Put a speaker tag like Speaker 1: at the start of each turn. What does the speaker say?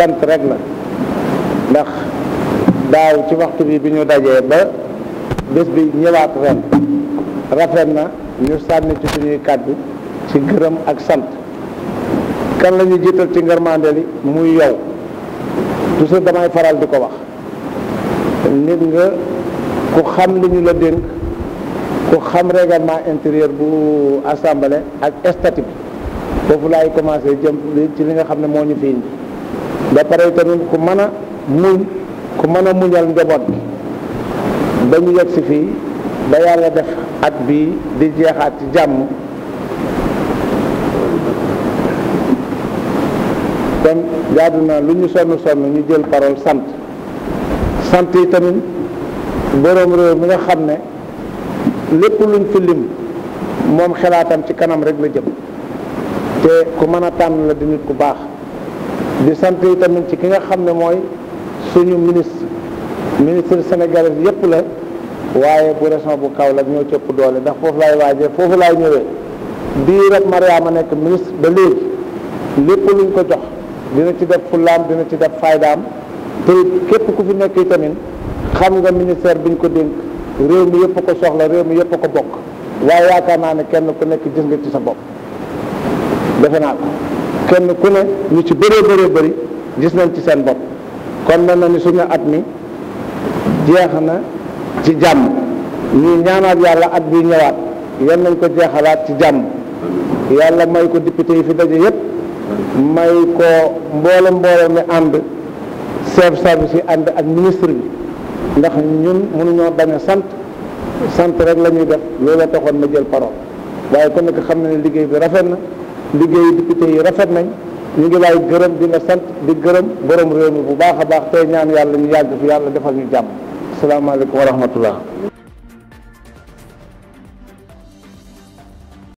Speaker 1: sant rek la ndax daaw ci waxtu bi bi ñu dajee ba bés bi ñëwaat ren rafet na ñu sànni ci suñuy kàddu ci gërëm ak sant kan la ñu jiital ci ngërmande li muy yow toujours damay faral di ko wax nit nga ku xam li ñu la dénk ku xam règlement intérieur bu assemblée ak statut bi foofu laay commencé jëm ci li nga xam ne moo ñu fi indi ba pare tamit ku mën a muñ ku mën a muñal njaboot ba ñu yegg si fii ba yàlla def at bi di jeexaat ci jàmm kon jaadu na lu ñu sonn sonn ñu jël parole sant sant yi tamit boroom réew mi nga xam ne lépp luñ fi lim moom xalaatam ci kanam rek la jëm te ku mën a tànn la di ku baax di sant yi tamit ci ki nga xam ne mooy suñu ministre ministre sénégalais yépp la waaye bu région bu Kaolack ñoo cëpp doole ndax foofu laay waajee foofu laay ñëwee bii rek Mariama nekk ministre ba léegi lépp luñ ko jox dina ci def fullaam dina ci def faydaam te képp ku fi nekk yi tamit xam nga ministère biñ ko dénk réew mi yëpp ko soxla réew mi yëpp ko bokk waaye yaakaar naa ne kenn ku nekk gis nga ci sa bopp defe naa ko kenn ku ne ñu ci bëree bëree bëri gis nañ ci seen bopp kon mel na ni suñu at mi jeex na ci jàmm ñu ñaanaat yàlla at bi ñëwaat yan nañ ko jeexalaat ci jàmm yàlla may ko député yi fi daje yépp may ko mboole mboole mi ànd chef service yi ànd ak ministre bi ndax ñun mënuñoo bañ a sant sant rek la ñuy def loolu la taxoon ma jël parole waaye ku nekk xam na ne liggéey bi rafet na liggéeyu député yi rafet nañ ñu ngi lay gërëm di la sant di gërëm borom réew mi bu baax a baax tey ñaan yàlla ñu yàgg fi yàlla defal ñu jàmm asalaamaaleykum wa rahmatullah